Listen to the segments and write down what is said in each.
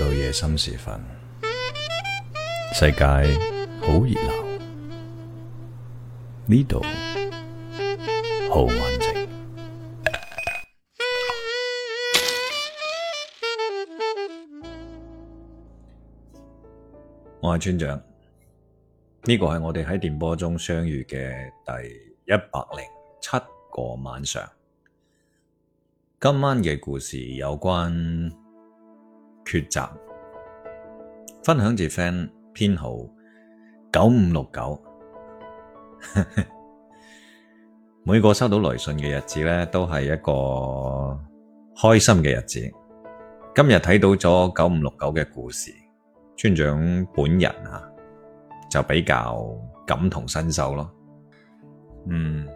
到夜深時分，世界好熱鬧，呢度好安靜。我係村長，呢個係我哋喺電波中相遇嘅第一百零七個晚上。今晚嘅故事有關抉擇，分享自 Fan 編號九五六九。 每個收到來信嘅日子咧，都係一個開心嘅日子。今日睇到咗九五六九嘅故事，村長本人啊，就比較感同身受咯。嗯，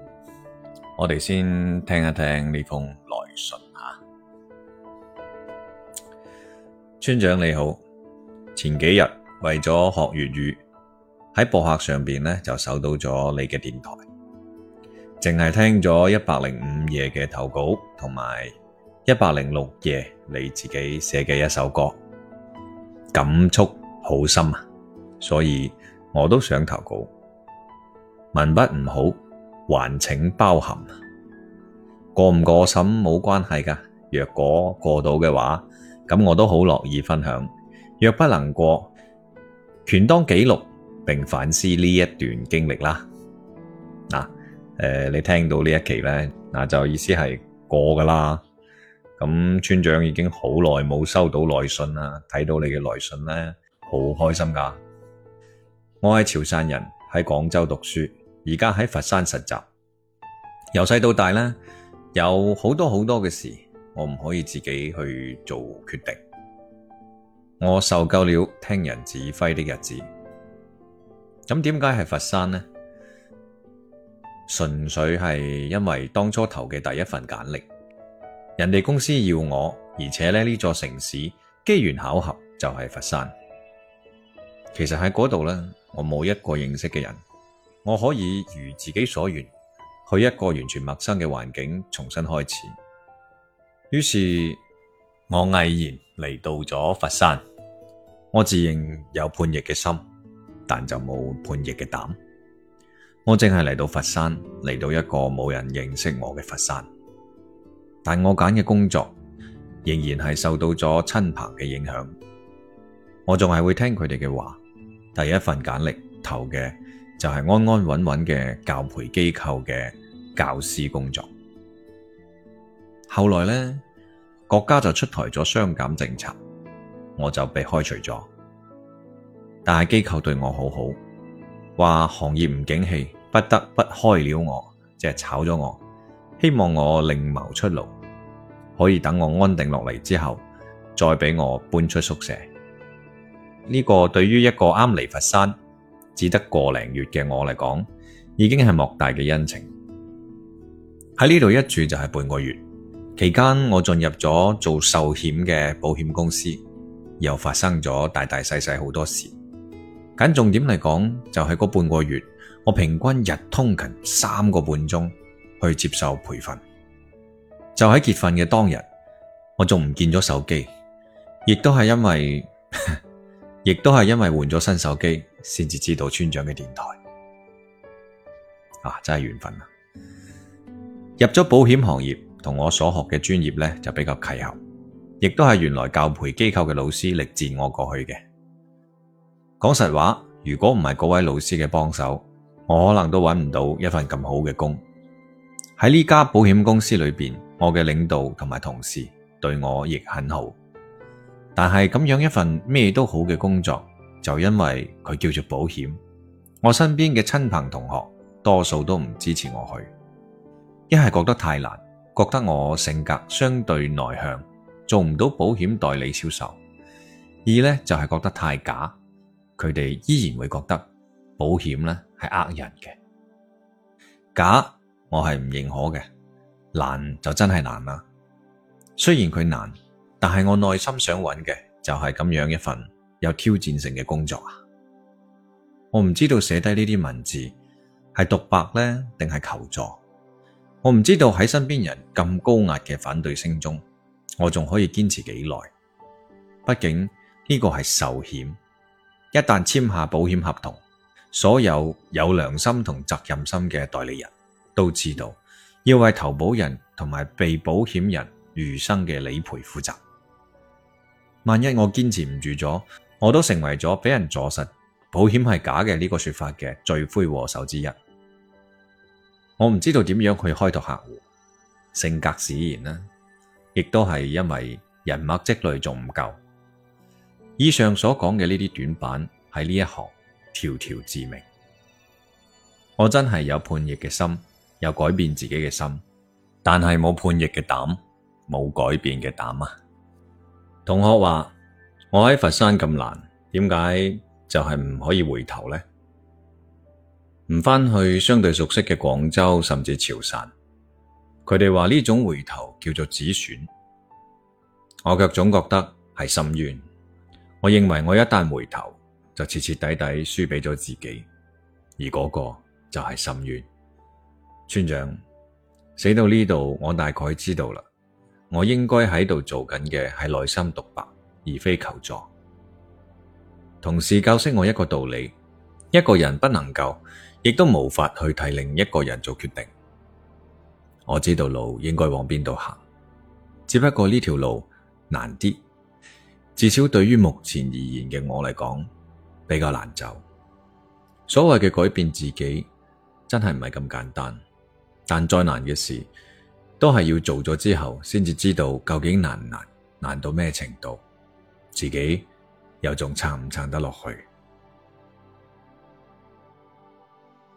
我哋先聽一聽呢封來信。村長你好，前幾日為咗學粵語，喺播客上邊呢就搜到咗你嘅電台，淨係聽咗一百零五夜嘅投稿同埋一百零六夜你自己寫嘅一首歌，感觸好深啊！所以我都想投稿，文筆唔好，還請包涵，過唔過審冇關係噶，若果過到嘅話。咁我都好樂意分享。若不能過，權當記錄，並反思呢一段經歷啦。嗱、啊，誒、呃，你聽到呢一期咧，嗱就意思係過噶啦。咁村長已經好耐冇收到來信啦，睇到你嘅來信咧，好開心噶。我係潮汕人，喺廣州讀書，而家喺佛山實習。由細到大咧，有好多好多嘅事。我唔可以自己去做決定，我受夠了聽人指揮的日子。咁點解係佛山呢？純粹係因為當初投嘅第一份簡歷，人哋公司要我，而且咧呢座城市機緣巧合就係佛山。其實喺嗰度呢，我冇一個認識嘅人，我可以如自己所願，去一個完全陌生嘅環境重新開始。於是我毅然嚟到咗佛山，我自認有叛逆嘅心，但就冇叛逆嘅膽。我淨係嚟到佛山，嚟到一個冇人認識我嘅佛山。但我揀嘅工作仍然係受到咗親朋嘅影響，我仲係會聽佢哋嘅話。第一份簡歷投嘅就係安安穩穩嘅教培機構嘅教師工作。後來呢國家就出台咗雙減政策，我就被開除咗。但係機構對我好好，話行業唔景氣，不得不開了我，即係炒咗我，希望我另謀出路，可以等我安定落嚟之後，再俾我搬出宿舍。呢、呢個對於一個啱嚟佛山，只得個零月嘅我嚟講，已經係莫大嘅恩情。喺呢度一住就係半個月。期間我進入咗做壽險嘅保險公司，又發生咗大大細細好多事。揀重點嚟講，就係嗰半個月，我平均日通勤三個半鐘去接受培訓。就喺結訓嘅當日，我仲唔見咗手機，亦都係因為，亦都係因為換咗新手機，先至知道村長嘅電台。啊，真係緣分啊！入咗保險行業。同我所學嘅專業呢，就比較契合，亦都係原來教培機構嘅老師力薦我過去嘅。講實話，如果唔係嗰位老師嘅幫手，我可能都揾唔到一份咁好嘅工。喺呢家保險公司裏邊，我嘅領導同埋同事對我亦很好，但係咁樣一份咩都好嘅工作，就因為佢叫做保險，我身邊嘅親朋同學多數都唔支持我去，一係覺得太難，覺得我性格相對內向，做唔到保險代理銷售。二呢，就係覺得太假，佢哋依然會覺得保險呢係呃人嘅。假我係唔認可嘅，難就真係難啦。雖然佢難，但係我內心想揾嘅就係咁樣一份有挑戰性嘅工作啊。我唔知道寫低呢啲文字係獨白呢，定係求助？我唔知道喺身邊人咁高壓嘅反對聲中，我仲可以堅持幾耐？畢竟呢個係壽險，一旦簽下保險合同，所有有良心同責任心嘅代理人都知道，要為投保人同埋被保險人餘生嘅理賠負責。萬一我堅持唔住咗，我都成為咗俾人坐實保險係假嘅呢個說法嘅罪魁禍首之一。我唔知道點樣去開拓客戶，性格使然啦、啊，亦都係因為人脈積累仲唔夠。以上所講嘅呢啲短板喺呢一行條條致命。我真係有叛逆嘅心，有改變自己嘅心，但係冇叛逆嘅膽，冇改變嘅膽啊！同學話我喺佛山咁難，點解就係唔可以回頭呢？唔翻去相對熟悉嘅廣州，甚至潮汕。佢哋話呢種回頭叫做止損，我卻總覺得係心冤。我認為我一旦回頭，就徹徹底底輸俾咗自己，而嗰個就係心冤。村長，死到呢度，我大概知道啦。我應該喺度做緊嘅係內心獨白，而非求助。同事教識我一個道理：一個人不能夠。亦都無法去替另一個人做決定。我知道路應該往邊度行，只不過呢條路難啲，至少對於目前而言嘅我嚟講比較難走。所謂嘅改變自己真係唔係咁簡單，但再難嘅事都係要做咗之後先至知道究竟難唔難，難到咩程度，自己又仲撐唔撐得落去。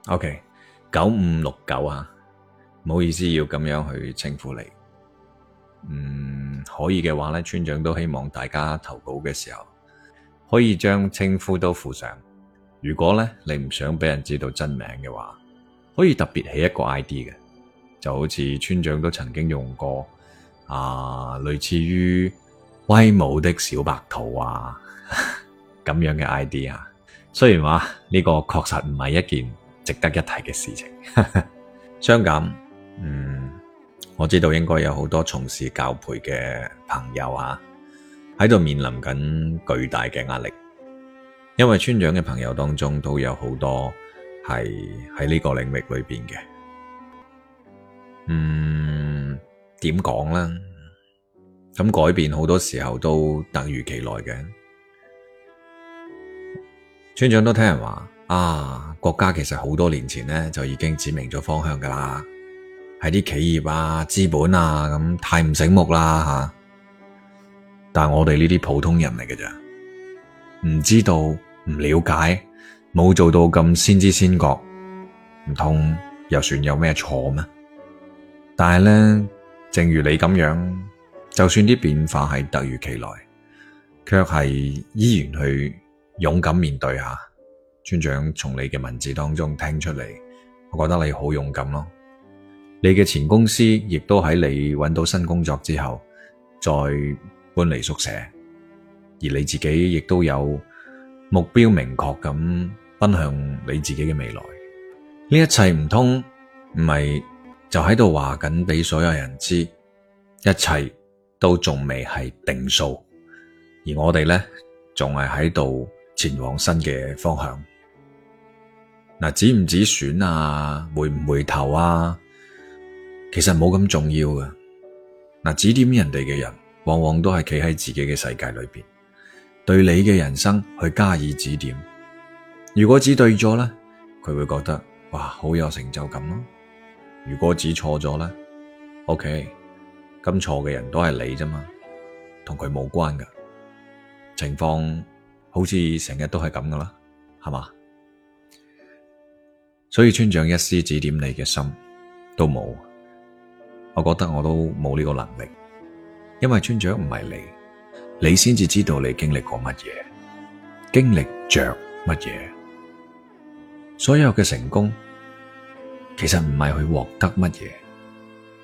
O K，九五六九啊，唔好意思，要咁樣去稱呼你。嗯，可以嘅話咧，村長都希望大家投稿嘅時候，可以將稱呼都附上。如果咧你唔想俾人知道真名嘅話，可以特別起一個 I D 嘅，就好似村長都曾經用過啊，類似於威武的小白兔啊咁 樣嘅 I D 啊。雖然話呢、這個確實唔係一件值得一提嘅事情， 傷感。嗯，我知道應該有好多從事教培嘅朋友啊，喺度面臨緊巨大嘅壓力，因為村長嘅朋友當中都有好多係喺呢個領域裏邊嘅。嗯，點講咧？咁改變好多時候都突如其來嘅，村長都聽人話。啊！國家其實好多年前呢，就已經指明咗方向噶啦，係啲企業啊、資本啊咁太唔醒目啦吓、啊。但係我哋呢啲普通人嚟嘅咋，唔知道、唔了解、冇做到咁先知先覺，唔通又算有咩錯咩？但係咧，正如你咁樣，就算啲變化係突如其來，卻係依然去勇敢面對下。村長從你嘅文字當中聽出嚟，我覺得你好勇敢咯。你嘅前公司亦都喺你揾到新工作之後再搬離宿舍，而你自己亦都有目標明確咁奔向你自己嘅未來。呢一切唔通唔係就喺度話緊俾所有人知，一切都仲未係定數，而我哋呢，仲係喺度前往新嘅方向。嗱，指唔指選啊，回唔回頭啊，其實冇咁重要噶。嗱，指點人哋嘅人，往往都係企喺自己嘅世界裏邊，對你嘅人生去加以指點。如果指對咗咧，佢會覺得哇，好有成就感咯。如果指錯咗咧，O K，咁錯嘅人都係你啫嘛，同佢冇關噶。情況好似成日都係咁噶啦，係嘛？所以村長一絲指點你嘅心都冇，我覺得我都冇呢個能力，因為村長唔係你，你先至知道你經歷過乜嘢，經歷着乜嘢。所有嘅成功其實唔係去獲得乜嘢，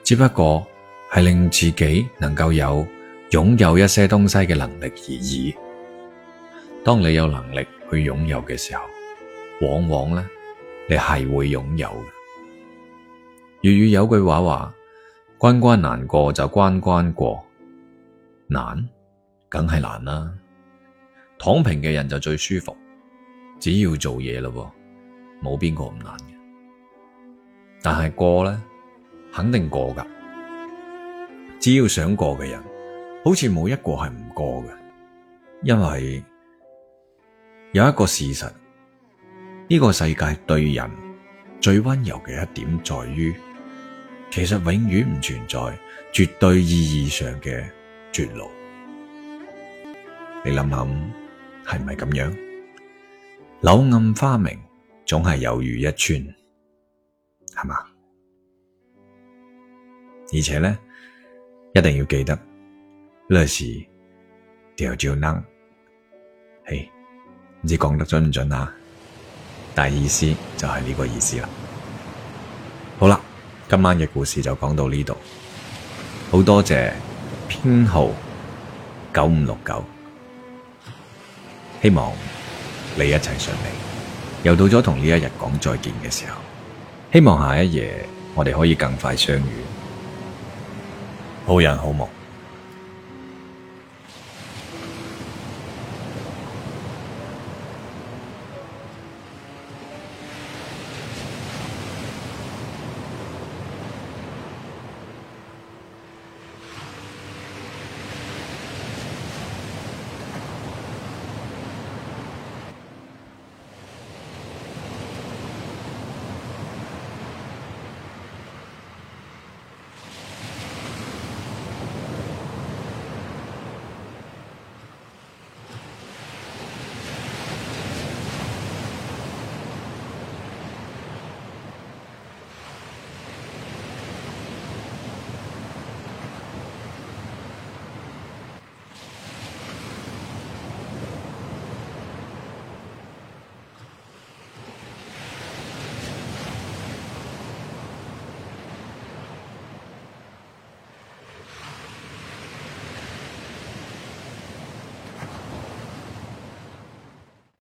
只不過係令自己能夠有擁有一些東西嘅能力而已。當你有能力去擁有嘅時候，往往咧。你係會擁有，粵語有句話話，關關難過就關關過。難，梗係難啦。躺平嘅人就最舒服，只要做嘢嘞，冇邊個唔難嘅。但係過咧，肯定過噶。只要想過嘅人，好似冇一個係唔過嘅，因為有一個事實。呢個世界對人最溫柔嘅一點，在於其實永遠唔存在絕對意義上嘅絕路。你諗諗係唔係咁樣？柳暗花明總係有如一村，係嘛？而且呢，一定要記得呢件事，調照能，嘿，唔知講得準唔準，準啊？大意思就係呢個意思啦。好啦，今晚嘅故事就講到呢度，好多謝編號九五六九，希望你一切順利，又到咗同呢一日講再見嘅時候，希望下一夜我哋可以更快相遇。好人好夢。